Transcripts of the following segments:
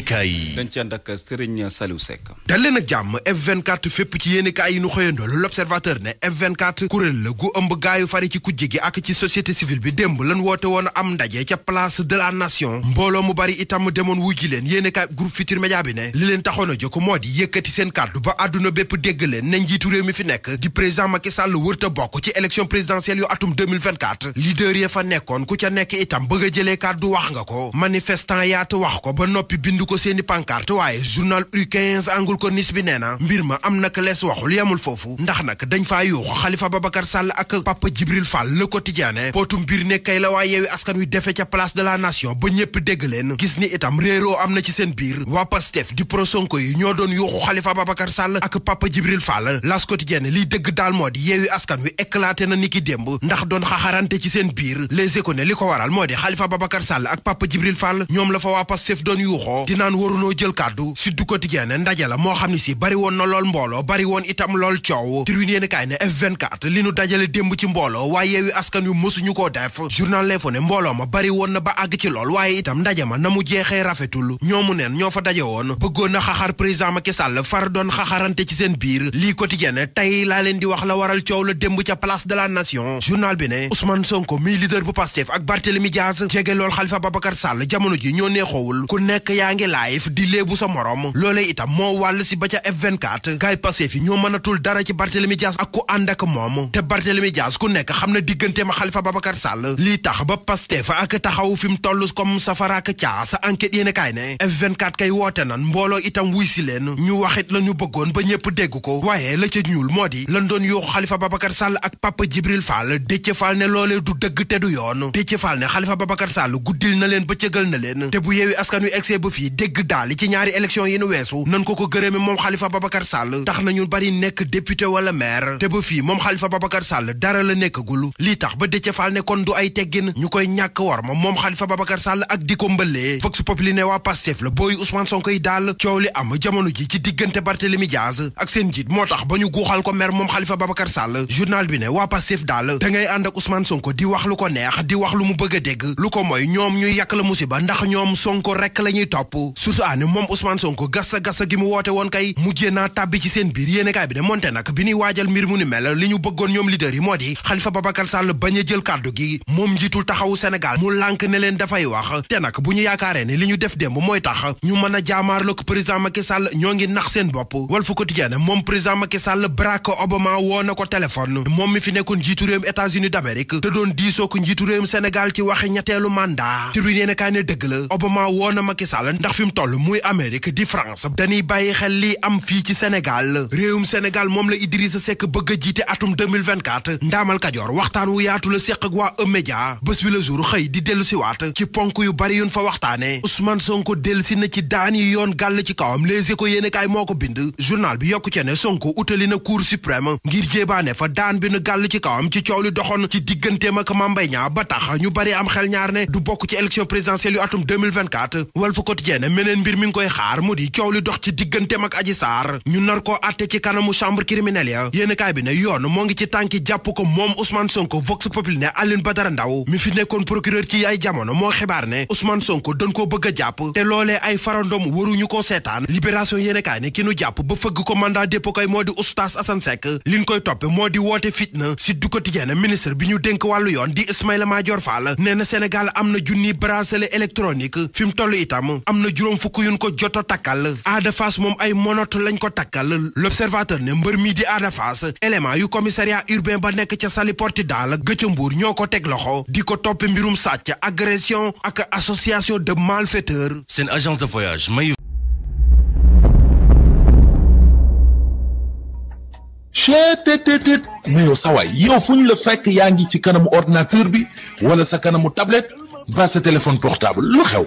dañ ci jàmm F24 fépp ci yéenekaay yi nu xëyandoo l'observateur ne F24 la gu ëmb gaayu fari ci kujje gi ak ci société civile bi démb lan woote woon am ndaje ca place de la nation mbooloo mu bari itam demoon wujji leen yéenekaay groupe Futurs Médias bi ne li leen taxoon a jóg moo di yëkkati seen kàddu ba àdduna bépp dégg leen ne njiitu réew mi fi nekk di président Macky Sall wërta bokk ci élection présidentielle yu atum 2024 ya fa nekkoon ku bind ko seeni pancarte waaye journal U15 angul ko nis bi nee na mbir ma am nag lees waxul yemul foofu ndax nag dañ faa yuuxu Xalifa Babacar Sall ak Papa Djibril Fall ba ñépp dégg leen gis ni itam réeroo am na ci seen biir L'As Quotidien liy dëgg daal moo di yeewi askan wi éclaté na niki démb ndax doon xaxarante ci seen biir Les Échos ne li ko waral moo di Xalifa Babacar Sall ak Papa Djibril Fall ñoom la fa waa Pastef doon yuuxoo di naan warunoo jël kàddu Sud Quotidien ndaje la moo xam ne si bari na lool mbooloo bari woon itam lool coow Tribune yéen kaay ne F24 li nu dajale démb ci mbooloo waaye yeewi askan yu mësuñu koo def journal L'Info ne mbooloo ma bari woon na ba àgg ci lool waaye itam ndaje ma na mu jeexee rafetul mu neen ñoo fa daje woon bëggoon na xaxar président Macky Sall far doon xaxarante ci seen biir lii Quotidien tey laa leen di wax la waral coow la démb ca place de la nation journal bi ne Ousmane Sonko mi leader bu Pastef ak Barthélémy Diaz jege lool Khalifa Babacar Sall ji ñoo neexoowul ngi live di léebu sa morom loolee itam moo wàll si ba ca F24 gaay Pastef ñoo mënatul dara ci Barthélemy ak ku ànd ak moom te Barthélemy ku nekk xam na digganteem ak Khalifa Babacar Sall lii tax ba Pastef ak taxaw fi mu toll comme safara ak caas enquête yéen kaay ne F24 kay woote nan mbooloo itam wuy si leen ñu waxit la ñu bëggoon ba ñëpp dégg ko waaye la ca ñuul moo di lan doon yooxu Khalifa Babacar Sall ak Papa Djibril Fall Déthié Fall ne du dëgg te du yoon Déthié Fall ne bu yeewi dégg daal ci ñaari élection yi nu weesu nan ko ko gërëme moom Khalifa Babacar Sall tax nañu bari nekk député wala maire te ba fii moom Khalifa Babacar Sall dara la nekkagul li tax ba Déthié Fall ne kon du ay teggin ñu koy ñàkk war ma moom Khalifa Babacar Sall ak di ko mbëllee Vox Populi ne waa Pastef la booy Ousmane Sonko yi daal coow li am jamono ji ci diggante Barthélemy Diaz ak seen njiit moo tax ba ñu guuxal ko maire moom Khalifa Babacar Sall journal bi ne waa Pastef daal da ngay ànd ak Ousmane Sonko di wax lu ko neex di wax lu mu bëgg a dégg lu ko mooy ñoom ñuy yàq la musiba ndax ñoom Sonko rek la ñuy topp bopp source aane moom Ousmane Sonko gassa gassa gi mu woote woon kay mujjee naa tàbbi ci seen biir yéenekaay bi de monte nag bi ñuy waajal mbir mu ni mel li ñu bëggoon ñoom leader yi moo di Khalifa Babacar bañ a jël kàddu gi moom njiitul taxawu Sénégal mu lànk ne leen dafay wax te nag bu ñu yaakaaree ne li ñu def démb mooy tax ñu mën a jaamaarloo ko président Macky Sall ñoo ngi nax seen bopp Walf Quotidien ko téléphone moom mi fi nekkoon njiitu réewum la Obama woo ndax fi mu toll muy Amérique di France dañuy bàyyi xel li am fii ci Sénégal réewum Sénégal moom la Idrissa Seck bëgg jiite atum 2024 ndaamal Kajoor waxtaan wu yaatu la seq ak waa E-Média bés bi la jour xëy di dellu siwaat ci ponk yu bari yuñ fa waxtaane Ousmane Sonko dellu si na ci daan yi yoon gàll ci kawam Les Échos yéenekaay moo ko bind journal bi yokku ci ne son utali na Cour suprême ngir jéebaane fa daan bi nu gàll ci kawam ci coow li doxoon ci digganteem ak Mame Mbaye Niang ba tax ñu bari am xel ñaar ne du bokk ci élection présidentielle yu atum 2024 Walf Quotidien Dieng meneen mbir mi ngi koy xaar mu di coow li dox ci digganteem ak Adji Sarr ñu nar koo àtte ci kanamu chambre criminelle ya yéen kaay bi ne yoon moo ngi ci tànki jàpp ko moom Ousmane Sonko Vox Populi ne Alioune Badara Ndaw mi fi nekkoon procureur ci ay jamono moo xibaar ne Ousmane Sonko dañ koo bëgg a jàpp te loolee ay farandom waruñu koo seetaan libération yéen kaay ne ki nu jàpp ba fëgg ko mandat dépôt koy moo di Oustaz Assane Seck liñ koy toppe moo di woote fitna si bi ñu dénk wàllu yoon di Ismaïla Madior Fall nee na Sénégal am na fi mu toll na juróom fukk yuñ ko joto takkal Ada moom ay monote lañ ko takkal l'observateur ne mbër mii di Ada yu commissariat urbain ba nekk ca Saly Portudal gëcca mbuur ñoo ko teg di ko toppe mbirum sàcc agression ak association de malfaiteurs seen agence de voyage may chetttt mais yow sawaay yow fu ñu la fekk yaa ngi ci kanamu ordinateur bi wala sa kanamu tablette ba sa téléphone portable lu xew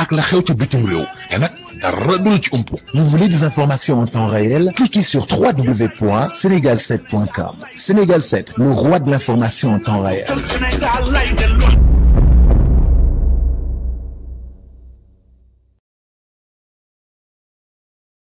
ak la xew ci bitim réew te nag dara du Vous voulez des informations en temps réel? Cliquez sur www.senegal7.com. Sénégal 7, le roi de l'information en temps réel.